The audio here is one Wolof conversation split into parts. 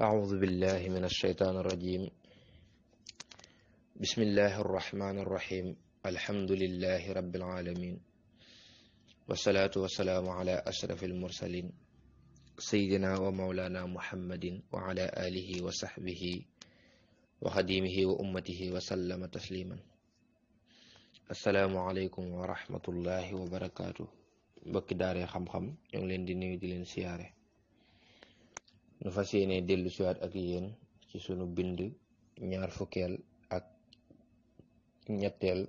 أعوذ بالله من الشيطان الرجيم بسم الله الرحمن الرحيم الحمد لله رب العالمين والصلاة والسلام على أشرف المرسلين سيدنا ومولانا محمد وعلى آله وصحبه وخديمه وأمته وسلم تسليما السلام عليكم ورحمة الله وبركاته بك داري خم خم يوم لين دي نيو دي لين سياري nu fas yéene dellu ak yéen ci sunu bind ñaar fukkeel ak ñetteel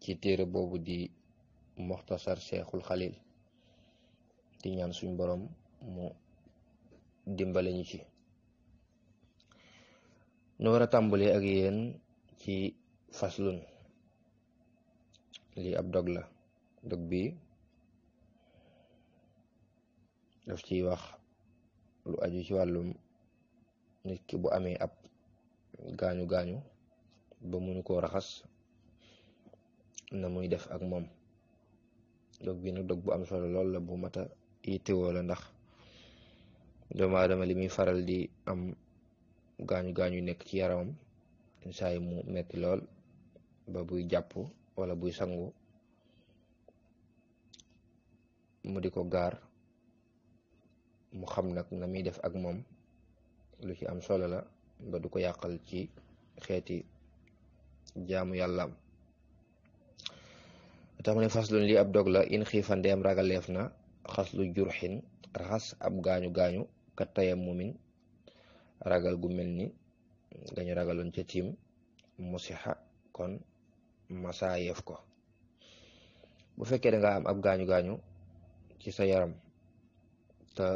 ci téere boobu di moxtasar cheikhul xalil di ñaan suñ boroom mu dimbale ñu ci nu war a ak yéen ci faslun lii ab dog la dog bi daf ciy wax lu aju ci wàllum nit ki bu amee ab gaañu gaañu ba mënu ko raxas na muy def ak moom dog bi nag dog bu am solo lool la bu mata yittewoo la ndax doomu aadama li faral di am gaañu gaañu nekk ci yaramam saay mu metti lool ba buy jàpp wala buy sangu mu di ko gaar mu xam nag na muy def ak moom lu ci am solo la ba du ko yàqal ci xeeti jaamu yàllaam tax mu ne faslun lii ab dog la in xiifan ndeem ragaleef na xaslu xiin raxas ab gaañu-gaañu ka tayam mumin ragal gu mel ni gañu ragaloon ca tiim musixa kon masaayeef ko bu fekkee da am ab gaañu-gaañu ci sa yaram te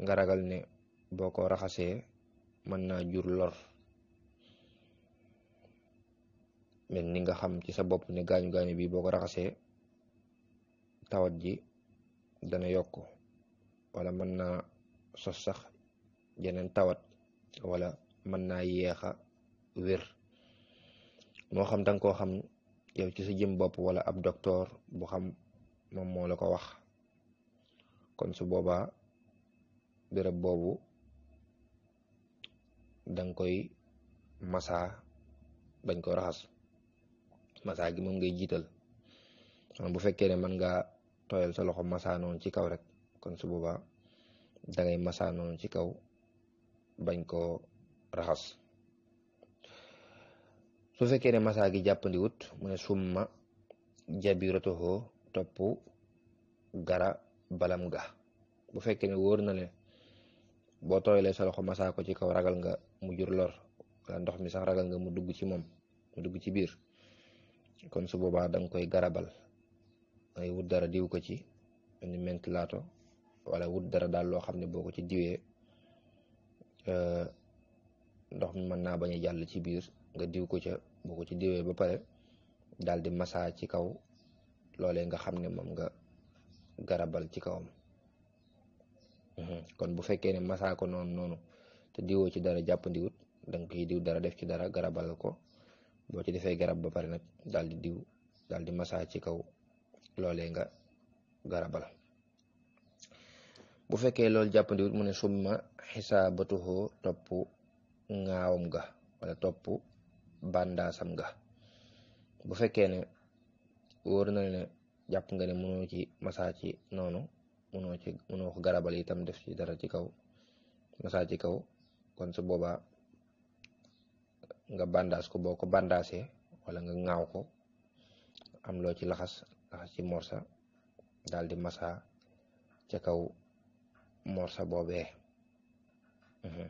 nga ragal ne boo ko raxasee mën naa jur lor mel ni nga xam ci sa bopp ne gaañu gaañu bi boo ko raxasee tawat ji dana yokk wala mën naa sos sax jeneen tawat wala mën naa yéex a wér moo xam danga koo xam yow ci sa jëm bopp wala ab docteur bu xam moom moo la ko wax kon su boobaa béréb boobu danga koy masa bañ ko raxas masa gi moom ngay jiital bu fekkee ne mën ngaa tooyal sa loxo masa noonu ci kaw rek kon su boobaa dangay masa noonu ci kaw bañ koo raxas su fekkee ne masa gi jàppandiwut mu ne summa jabiratuhu topp gara balam ga bu fekkee ne wóor le boo tooyalee sa loxo masaa ko ci kaw ragal nga mu jur lor wala ndox mi sax ragal nga mu dugg ci moom mu dugg ci biir kon su boobaa da koy garabal ngay wut dara diw ko ci ni mentilaato wala wut dara daal loo xam ne boo ko ci diwee eh, ndox mi mën naa bañ a jàll ci biir nga diw ko ca boo ko ci diwee ba pare daal di masaa ci kaw loole nga xam ne moom nga garabal ci kawam kon bu fekkee ne masaa ko noonu noonu te diwoo ci dara jàppandiwut da nga koy diw dara def ci dara garabal ko boo ci defee garab ba pare nag daal di diw dal di masaa ci kaw loole nga garabal bu fekkee loolu jàppandiwut mu ne summa xisaabatuhu topp ŋaawam ga wala topp bandaasam ga bu fekkee ne wóor na ne jàpp nga ne mënoo ci masaa ci noonu mënoo ci mënoo ko garabal itam def ci dara ci kaw masaa ci kaw kon su boobaa nga bandaas ko boo ko bandaasee wala nga ŋaaw ko am loo ci laxas laxas ci morsa daal di masa ca kaw morsa boobe mhm.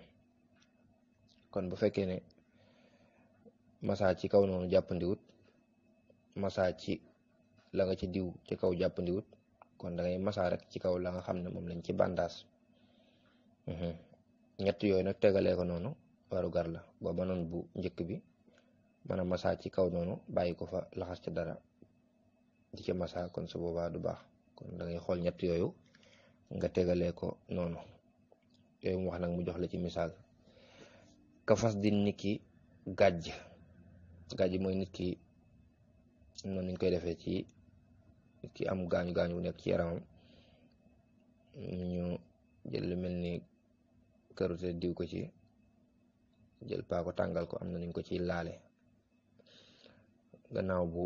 kon bu fekkee ne masa ci kaw noonu jàppandiwut masa ci la nga ci diw ci kaw jàppandiwut kon da ngay masaa rek ci kaw la nga xam ne moom lañ ci bandaas mhm. ñett yooyu nag tegalee ko noonu warugar la ba banoon bu njëkk bi mën a masaa ci kaw noonu bàyyi ko fa laxas ci dara di ci kon su boobaa du baax kon dangay xool ñett yooyu nga tegalee ko noonu yooyu mu wax nag mu jox la ci misaal ka fas di nit ki gàjj gàjj mooy nit ki noonu ñu koy defee ci nit ki am gaañu gaañu bu nekk ci yaramam ñu jël lu mel ni karité diw ko ci jël paa ko tàngal ko am na nuñ ko ciy laale gannaaw bu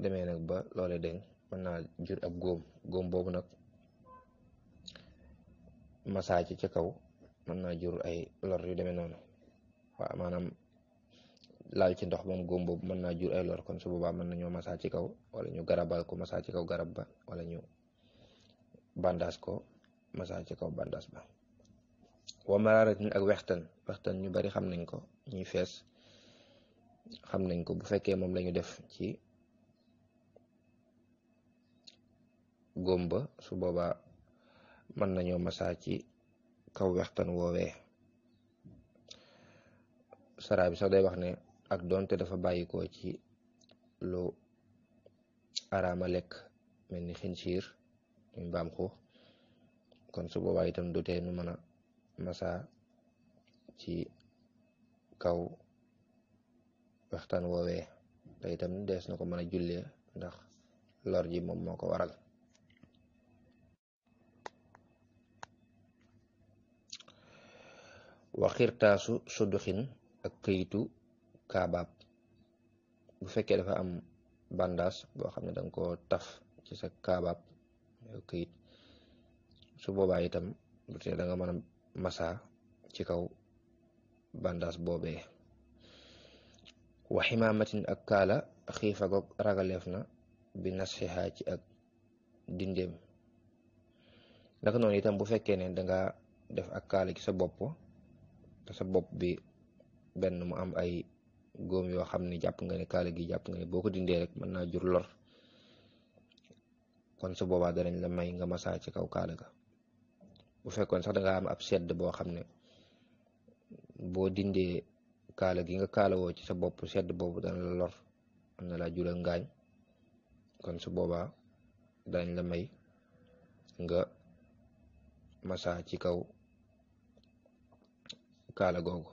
demee nag ba loole deñ mën naa jur ab góom góom boobu nag masaa ci ca kaw mën naa jur ay lor yu demee noonu waaw maanaam laal ci ndox moom góom boobu mën naa jur ay lor kon su boobaa mën nañoo masaa ci kaw wala ñu garabal ko masaa ci kaw garab ba wala ñu bandaas ko masaa ci kaw bandaas ba wa mararatin ak wextan wextan ñu bari xam nañ ko ñuy fees xam nañ ko bu fekkee moom lañu def ci góom ba su boobaa mën nañoo masaa ci kaw wextan woowee saraa bi sax day wax ne ak doonte dafa bàyyikoo ci lu araama lekk mel ni xinsiir muy mbaam xuux kon su boobaa itam du tee nu mën a masa ci kaw waxtaan woowee te itam dees na ko mën a jullee ndax lor ji moom moo ko waral waxirtaasu suduxin ak këyitu kaabaab bu fekkee dafa am bandaas boo xam ne danga ko taf ci sa kaabaab këyit su boobaa itam bu tee da nga mën a masa ci kaw bandaas boobee wa ximaamatin ak kaala xiifa goog ragaleef na bi nasxiha ci ak dindeem naka noonu itam bu fekkee ne danga def ak kaala ci sa bopp te sa bopp bi benn mu am ay góom yoo xam ne jàpp nga ne kaala gi jàpp nga ne boo ko dindee rek mën naa jur lor kon su boobaa danañ la may nga masaa ci kaw kaala ga bu fekkoon sax danga am ab sedd boo xam ne boo dindee kaala gi nga kaalawoo ci sa bopp sedd boobu dana la lor mën na laa jural ngaañ kon su boobaa danañ la may nga masa ci kaw kaala googu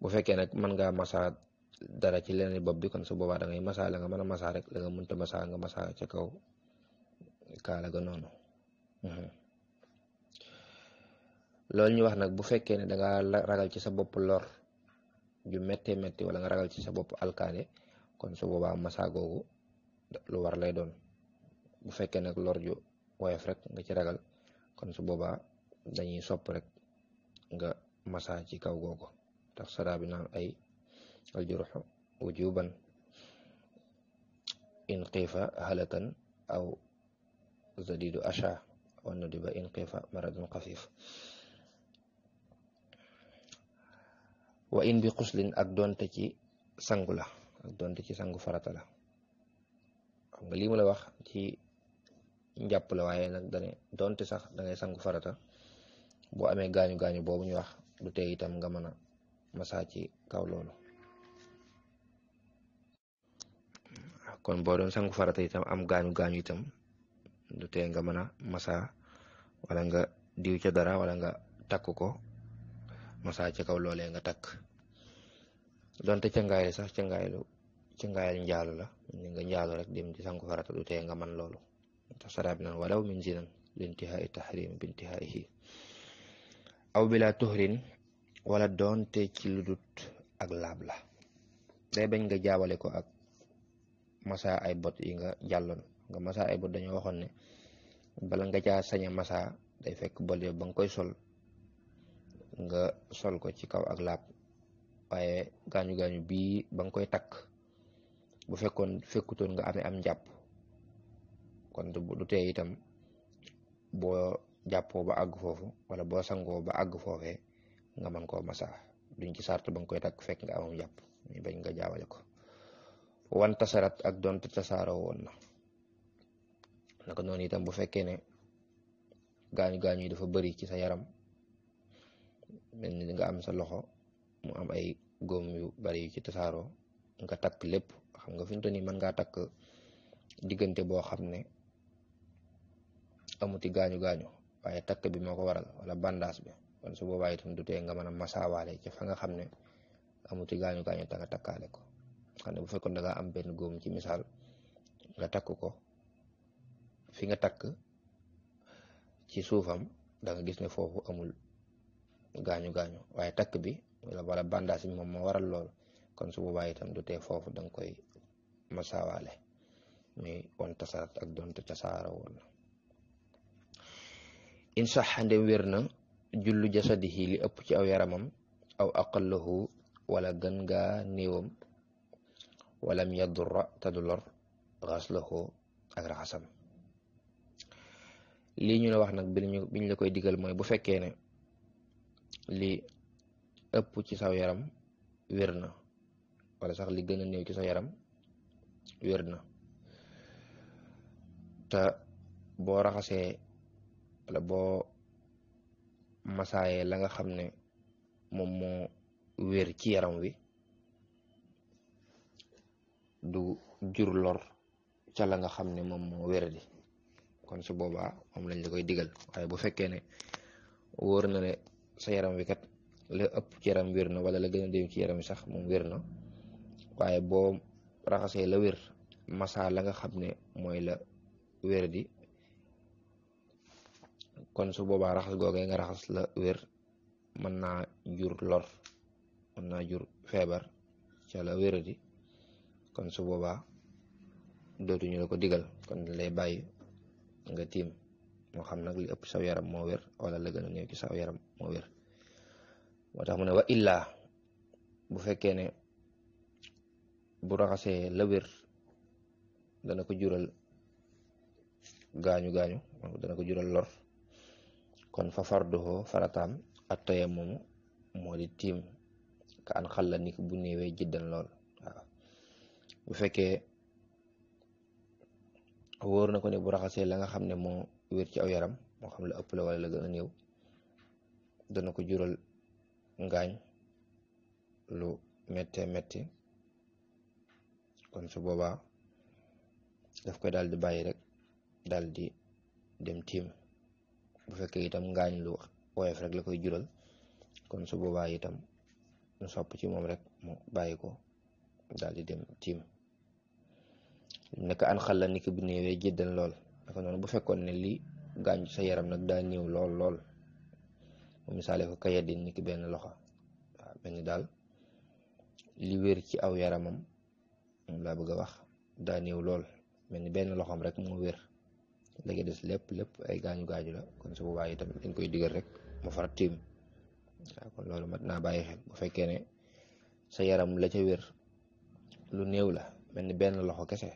bu fekkee nag mën ngaa masa dara ci leneen bopp bi kon su boobaa da ngay masa la nga mën a masa rek la nga mënta masa nga mhm. loolu ñu wax nag bu fekkee ne da nga ragal ci sa bopp lor ju méttee métti wala nga ragal ci sa bopp alkaane kon su boobaa masa lu war lay doon bu fekkee nag lor ju woyof nga ci ragal kon su boobaa dañuy sopp rek nga masa ci kaw googu tax saraa bi naan ay aljurxu wujuban in xiifa halakan aw zadidu asha wa nudiba in xiifa maradun xafif wa in bi xuslin ak donte ci sangu la ak donte ci sangu farata la xam nga lii mu wax ci njàpp la waaye sax da sangu farata boo amee gaañu gaañu boobu ñu wax nga mën a masaa ci kaw loolu kon boo doon sangu farata itam am gaañu gaañu itam du tee nga mën a masaa wala nga diw ca dara wala nga takk ko masaa ci kaw loole nga takk donte cangaayal sax cangaayalu cangaayal njaalu la ni nga njaalu rek dem di sangu farata du tee nga man loolu tax saraa bi naan walaw min zinan lintihaai tahrim bintihaaihi aw bila tuhrin wala doonte ci lu ak laab la day bañ nga jaawale ko ak masa ay bot yi nga jàlloon nga masa ay bot dañoo waxoon ne bala nga caa sañ a masa day fekk bol yo ba nga koy sol nga sol ko ci kaw ak laab waaye gaañu gaañu bii ba koy takk bu fekkoon fekkutoon nga amee am njàpp kon du tee itam boo jàppoo ba àgg foofu wala boo sangoo ba àgg foofee nga mën koo masaa duñ ci sart ba nga koy takk fekk nga amam yàpp ñu bañ nga jaawale ko wan tasarat ak donte tasaaroo woon na naka noonu itam bu fekkee ne gaañu-gaañu yi dafa bëri ci sa yaram mel ni nga am sa loxo mu ay góom yu bari yu ci tasaaroo nga takk lépp xam nga fi mu toll mën ngaa takk diggante boo xam ne amuti gaañu-gaañu waaye takk bi moo ko waral wala bandage bi kon su boobaa itam du tee nga mën a masaawaale ci fa nga xam ne amuti gaañu gaañu ta nga takkaale ko xam ne bu fekkoon da am benn góom ci misaal nga takk ko fi nga takk ci suufam da gis ne foofu amul gaañu gaañu waaye takk bi wala bandage bi moom moo waral lool kon su boobaa itam du tee foofu danga koy masawaale muy wan tasaat ak doonte tasaara woon in sax ndem wér na jullu jasadihi li ëpp ci aw yaramam aw aqallahu wala gën ga néewam walam yadurra tadu lor xaslahu ak raxasam lii ñu la wax nag biñu biñ la koy digal mooy bu fekkee ne li ëpp ci saw yaram wér na wala sax li gën a néew ci sa yaram wér na te boo raxasee wala boo masaaye la nga xam ne moom moo wér ci yaram wi du jur lor ca la nga xam ne moom moo wéradi kon su boobaa moom lañ la koy digal waaye bu fekkee ne wóor na sa yaram wi kat la ëpp ci yaram wér na wala la gën a déw ci yaram wi sax moom wér na waaye boo raxasee la wér masaa la nga xam ne mooy la wéradi kon su boobaa raxas googee nga raxas la wér man naa jur lor mën naa jur feebar ca la wéradi kon su boobaa dootuñu la ko digal kon lay bàyyi nga tiim moo xam nag li ëpp saw yaram moo wér wala la gën a néew saw yaram moo wér moo tax mu ne wa illaa bu fekkee ne bu raxasee la wér dana ko jural gaañu gaañu dana ko jural lor kon fa farduhu farataam ak toye moomu moo di tiim ka an xal la bu néewee jiddan lool bu fekkee wóor na ko ne bu raxasee la nga xam ne moo wér ci aw yaram moo xam la ëpp la wala la gën a néew dana ko jural ngaañ lu méttee métti kon su boobaa daf koy daal di bàyyi rek daal di dem tiim bu fekkee itam ngaañ lu woyof rek la koy jural kon su boobaa itam ñu sopp ci moom rek mu bàyyi ko daal di dem tiim naka an xal la ni ko bu néewee lool naka noonu bu fekkoon ne li gaañ sa yaram nag daa néew lool lool mu misaale ko kayadin ni ki benn loxo waaw benn daal li wér ci aw yaramam moom laa bëgg a wax daa néew lool mel ni benn loxoom rek moo wér la des lépp lépp ay gaañu gaañu la kon su boobaa itam dañ koy digal rek mu farat tiim waaw kon loolu mat naa bàyyi xel boo fekkee ne sa yaram la ca wér lu néew la mel ni benn loxo kese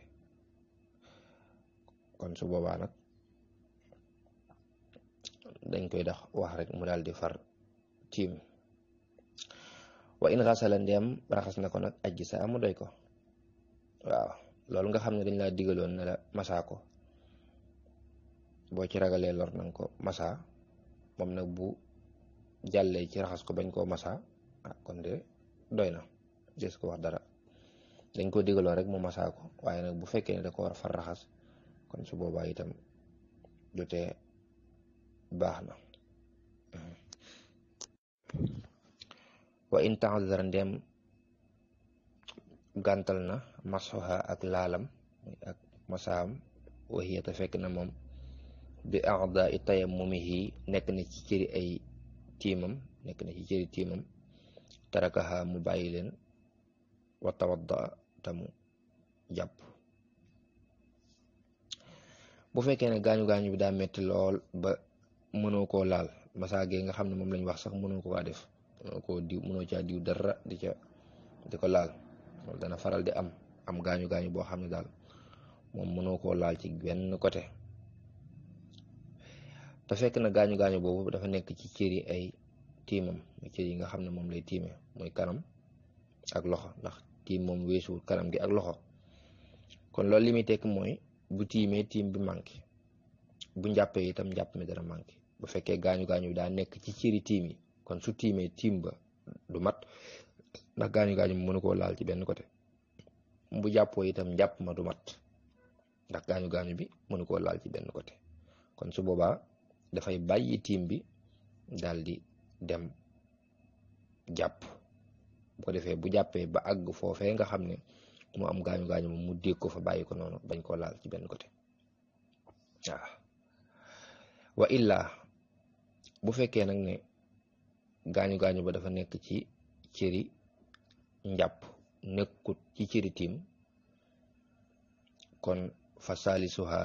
kon su boobaa dañ koy dax wax rek mu daal di far tiim wa in xasala ndeem raxas na ko nag ajji saa mu doy ko waaw loolu nga xam ne dañ laa digaloon ne la masaa ko boo ci ragalee lor nanga ko masa moom nag bu jàllee ci raxas ko bañ koo masa ah, kon de doy na des ko wax dara dañ ko digaloo rek mu masaa ko waaye nag bu fekkee ne da ko war far raxas kon su boobaa itam jotee baax na mm-hmm. wa in taxadara ndeem gàntal na masoha ak laalam ak masaam waxiya te fekk na moom bi a'daa'i tayammumihi nekk na ci cëri ay tiimam nekk na ci cëri tiimam tarakaha mu bàyyi leen wa tawadda tamu jàpp bu fekkee ne gaañu gaañu bi daa metti lool ba mënoo koo laal masaage nga xam ne moom lañ wax sax mënoo ko waa def mënoo koo diw mënoo caa diw dara di ca di ko laal dana faral di am am gaañu gaañu boo xam ne daal moom mënoo koo laal ci benn côté te fekk na gaañu gaañu boobu dafa nekk ci cëri ay tiimam cër yi nga xam ne moom lay tiime mooy kanam ak loxo ndax tiim moom weesuwul kanam gi ak loxo kon loolu li muy tekk mooy bu tiimee tiim bi manqué bu njàppee yitam njàpp mi dana manqué bu fekkee gaañu gaañu bi daa nekk ci cëri tiim yi kon su tiimee tiim ba du mat ndax gaañu gaañu bi mënu koo laal ci benn côté bu jàppoo itam njàpp ma du mat ndax gaañu gaañu bi mënu koo laal ci benn côté kon su boobaa dafay bàyyi tiim bi daal dem jàpp bu ko defee bu jàppee ba àgg foofee nga xam ne mu am gaañu gaañu moom mu dégg ko fa bàyyi ko noonu bañ koo laal ci benn côté waaw wa illaa bu fekkee nag ne gaañu gaañu ba dafa nekk ci cëri njàpp nekkut ci cëri tiim kon fa salisuha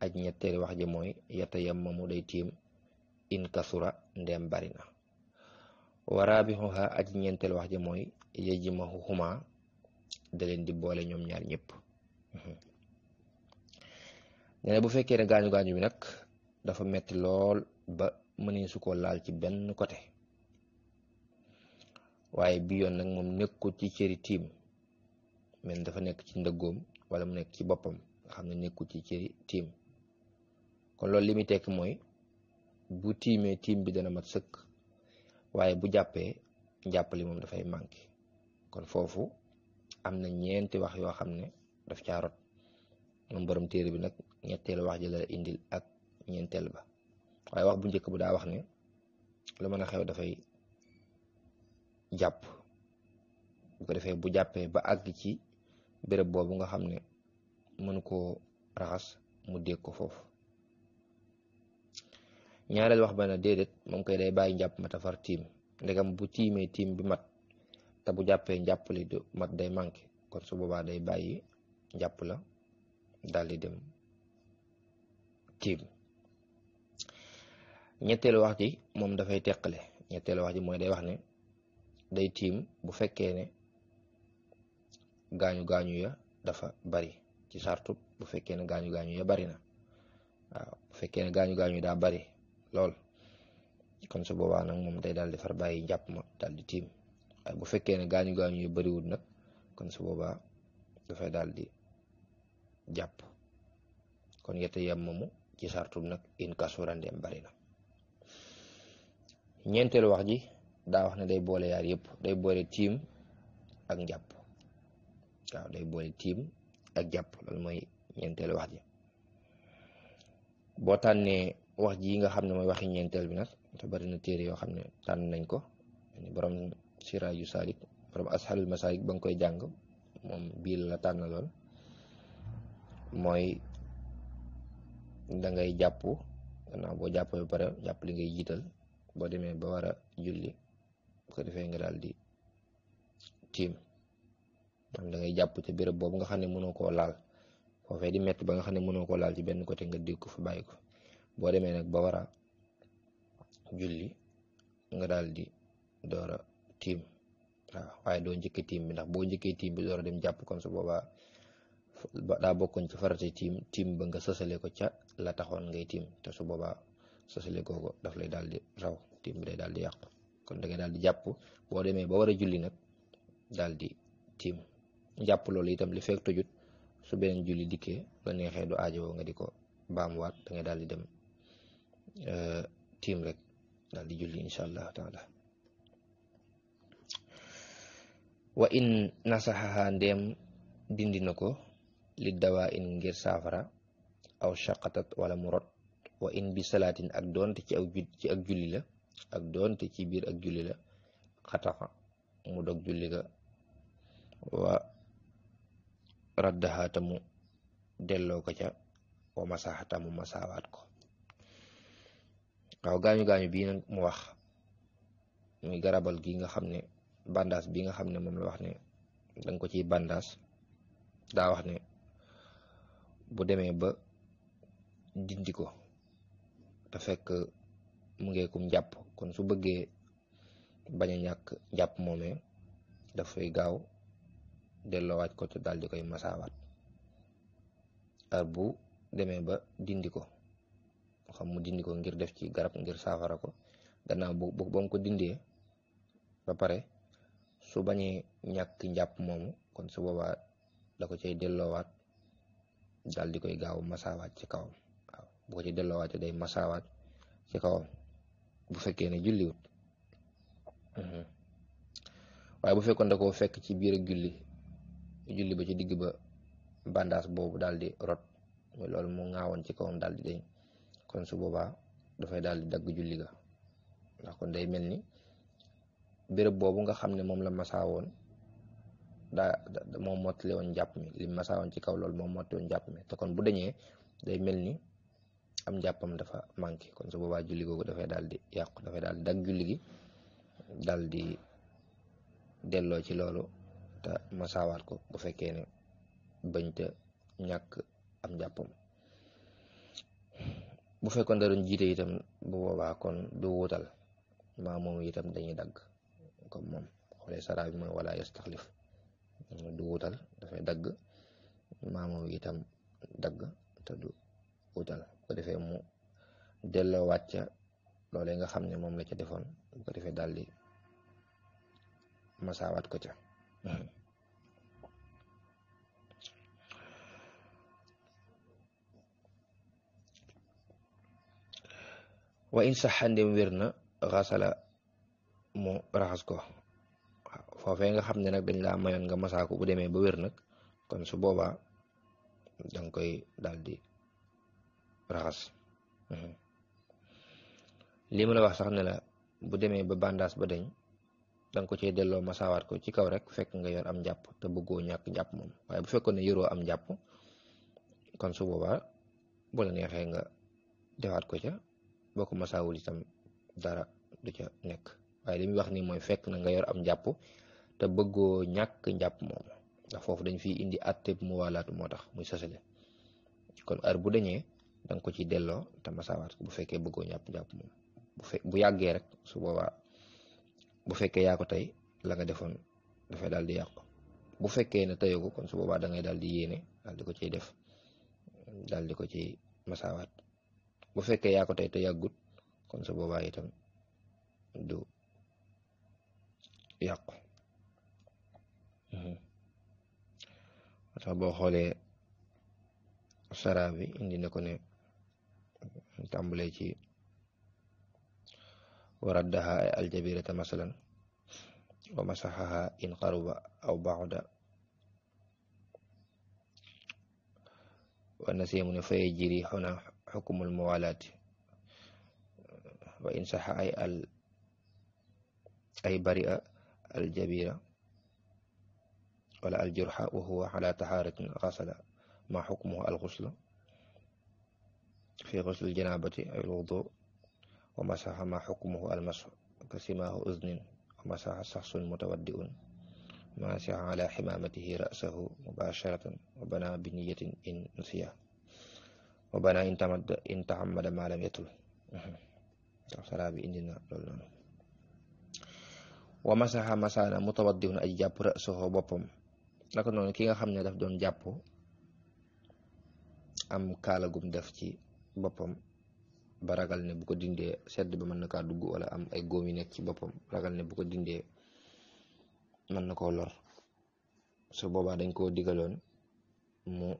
aj ñetteel wax ji mooy yata yammamu day tiim in kasura ndeem bari na wa raabixuha aj ñeenteel wax ji mooy yejimahu huma da leen di boole ñoom ñaar ñépp mhm. nee bu fekkee ne gaañu gaañu bi nag dafa metti lool ba mënee su ko laal ci benn côté waaye bi yoon nag moom nekkul ci cëri tiim men dafa nekk ci ndëggoom wala mu nekk ci boppam nga xam ne nekkul ci cëri tiim kon loolu li muy tekki mooy bu tiimee tiim bi dana mat sëkk waaye bu jàppee njàppali moom dafay manqué kon foofu am na ñeenti wax yoo xam ne daf caa rot moom borom téere bi nag ñetteel wax ji la indil ak ñeenteel ba waaye wax bu njëkk bu daa wax ne lu mën a xew dafay jàpp bu ko defee bu jàppee ba àgg ci béréb boobu nga xam ne mën koo raxas mu dégg ko foofu ñaareel wax ba ne déedéet moom koy day bàyyi njàpp ma tafar tiim ndegam bu tiimee tiim bi mat te bu jàppee njàpp li du mat day manqué kon su boobaa day bàyyi njàpp la daal di dem tiim ñetteelu wax ji moom dafay teqale ñetteelu wax ji mooy day wax ne day tiim bu fekkee ne gaañu gaañu ya dafa bari ci sartu bu fekkee ne gaañu gaañu ya bari na waaw bu fekkee ne gaañu gaañu daa bari lool kon su boobaa nag moom day daal di far bàyyi jàpp ma dal di tiim waaye bu fekkee ne gaañu gaañu yu bëriwul nag kon su boobaa dafay daal di jàpp kon yete yam moomu ci sartul nag in kasurandeem bari na ñeenteelu wax ji daa wax ne day boole yaar yépp day boole tiim ak njàpp waaw day boole tiim ak jàpp loolu mooy ñeenteelu wax ji boo tànnee wax ji nga xam ne mooy waxi ñeenteel bi nag te bari na téere yoo xam ne tànn nañ ko borom siraaju salik borom ashalul masalik ba nga koy jàng moom biir la tànn lool mooy da ngay jàpp gannaaw boo jàpp ba pare jàpp li ngay jiital boo demee ba war a julli bu ko defee nga daal di tiim am da ngay jàpp te béréb boobu nga xam ne mënoo koo laal foofee di métti ba nga xam ne mënoo koo laal ci benn côté nga dégg ko fa bàyyi ko boo demee nag ba war julli nga daal di door tiim waaw waaye doo njëkk tiim bi ndax boo njëkkee tiim bi door dem jàpp kon su boobaa daa ci farate tiim tiim ba nga ko ca la taxoon ngay tiim te su boobaa sosale koo daf lay daal di tiim day daal di yàqu kon da daal di jàpp boo demee ba war julli nag daal tiim jàpp loolu itam li fekk tojut su beneen julli dikkee la neexee du aajowoo nga di ko baamuwaat da daal di dem tiim rek daal julli incha allahu taala wa in nasaxaha ndéem dindi na ko li dawaa in ngir saafara aw shaqatat wala mu rot wa in bi ak doonte ci ak ci ak julli la ak doonte ci biir ak julli la xataxa mu dog julli ga wa raddaha tamu delloo ko ca wa masaxatamu masaawaat ko waaw gaañu gaañu bii nag mu wax muy garabal gi nga xam ne bandaas bi nga xam ne moom la wax ne da ko ci bandaas daa wax ne bu demee ba dindi ko te fekk mu ngeekum kon su bëggee bañ a ñàkk njàpp moomee dafay gaaw delloowaat ko te daal di koy masaawaat ar bu demee ba dindi ko moo xam mu dindi ko ngir def ci garab ngir saafara ko gannaaw bu ba ko dindee ba pare su bañee ñàkk njàpp moomu kon su boobaa la ko cay delloowaat daal di koy gaaw masaawaat ci kawam waaw ci delloowaat day masaawaat ci kawam bu fekkee ne julliwut mhm. waaye bu fekkoon fekk ci biir ak ci digg ba bandaas boobu daal di rot loolu mu ŋaawoon ci kawam daal di deñ kon su boobaa dafay daal di dagg julli ga ndax kon day mel ni béréb boobu nga xam ne moom la masaawoon daa moo mottali woon njàpp mi li masaawoon ci kaw lool moo mottali woon njàpp mi te kon bu dañee day mel ni am njàppam dafa manqué kon su boobaa julli googu dafay daal di yàqu dafay daal dagg julli daldi daal delloo ci loolu te masaawaat ko bu fekkee ne bañ te ñàkk am njàppam bu fekkoon da doon jiite itam bu boobaa kon du wuutal maa moom itam dañuy dagg comme moom xoolee saraa mooy wala yastaxlif du wuutal dafay dagg maa moom itam dagg te du wuutal bu ko defee mu delloo wàcca loolee nga xam ne moom la ca defoon bu ko daal di masaawaat ko ca wa in sax ndem wér na xasala mu raxas ko foofee nga xam ne nag dañ laa mayoon nga masaa bu demee ba wér nag kon su boobaa danga koy daal di raxas hmm. lii ma la wax sax ne la bu demee ba bandaas ba dañ danga ko cay delloo waat ko ci kaw rek fekk nga yor am jàpp te bëggoo ñàkk jàpp moom waaye bu fekkoon ne yoroo am jàpp kon su boobaa bu la neexee nga defaat ko ca boo ko masaawul itam dara du ca nekk waaye li muy wax ni mooy fekk na nga yor am njàpp te bëggoo ñàkk njàpp moom ndax foofu dañ fi indi àtte mu waalaatu moo tax muy sosale kon heure bu dañee da ko ci delloo te masaawaat bu fekkee bëggoo ñàpp njàpp moom bu yàggee rek su boobaa bu fekkee yaa ko tey la nga defoon dafay daal di yàq bu fekkee ne teyoo ko kon su boobaa da daal di yéene daal di ko ciy def daal di ko ciy masaawaat bu fekkee yaa ko te yàggut kon sa boobaa itam du yàqu tax boo xoolee sara bi indi na ne tàmbalee ci waraddaha ay aljabirata masalan wa masaxaha in qaruba aw baxda wa nasimu ne faye jiri xona xukumul muwalaati wa in saxa ay al ay baria al jabira wala al jurxa wa huwa ala taxaaratin xasala ma xukmuhu al xuslu fi xuslil janaabati ay alwudu wa masaxa ma xukmuhu al masx ka simaahu uznin wa masaxa saxsun mutawaddiun ma saxa ala ximaamatihi rasahu mubasharatan wa bana bi niyatin in nasiya Mhm. wa bana in tamad in taamada maalam yatul sara na loolu jàpp ra'sahu boppam naka noonu ki nga xam ne daf doon jàpp am kaala gum def ci boppam baragal ne bu ko dindee sedd ba mën na ka dugg wala am ay góom yu nekk ci boppam ragal ne bu ko dindee mën na ko lor su boobaa dañ koo digaloon mu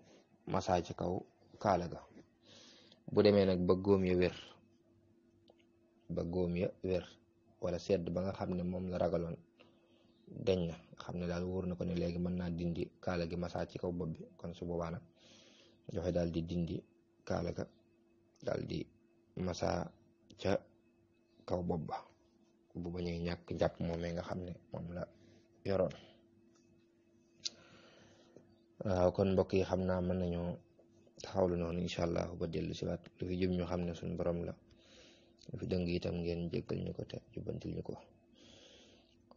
masaa ci kaw kaala ga bu demee nag ba góom ya wér ba góom ya wala sedd ba nga xam ne moom la ragaloon dañ na xam ne daal wóor na ko ne léegi mën naa dindi kaala gi masaa ci kaw bopp bi kon su boobaa nag dafay daal di dindi kaala ga daal di masaa ca kaw bopp ba bu bañuy ñàkk jàpp moomee nga xam ne moom la yoroon waaw kon mbokk yi xam naa mën nañoo taxawlu noonu incha allah ba dellu si waat lu fi ñu xam ne suñu borom la lu fi dëng itam ngeen jéggal ñu ko te jubbantil ñu ko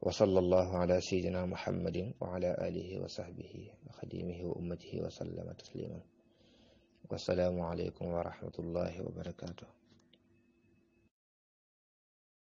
wa sallallahu ala sayyidina muhammadin wa ala alihi wa sahbihi wa xadimihi wa ummatihi tasliman wasalaamu aleykum wa rahmatullahi wa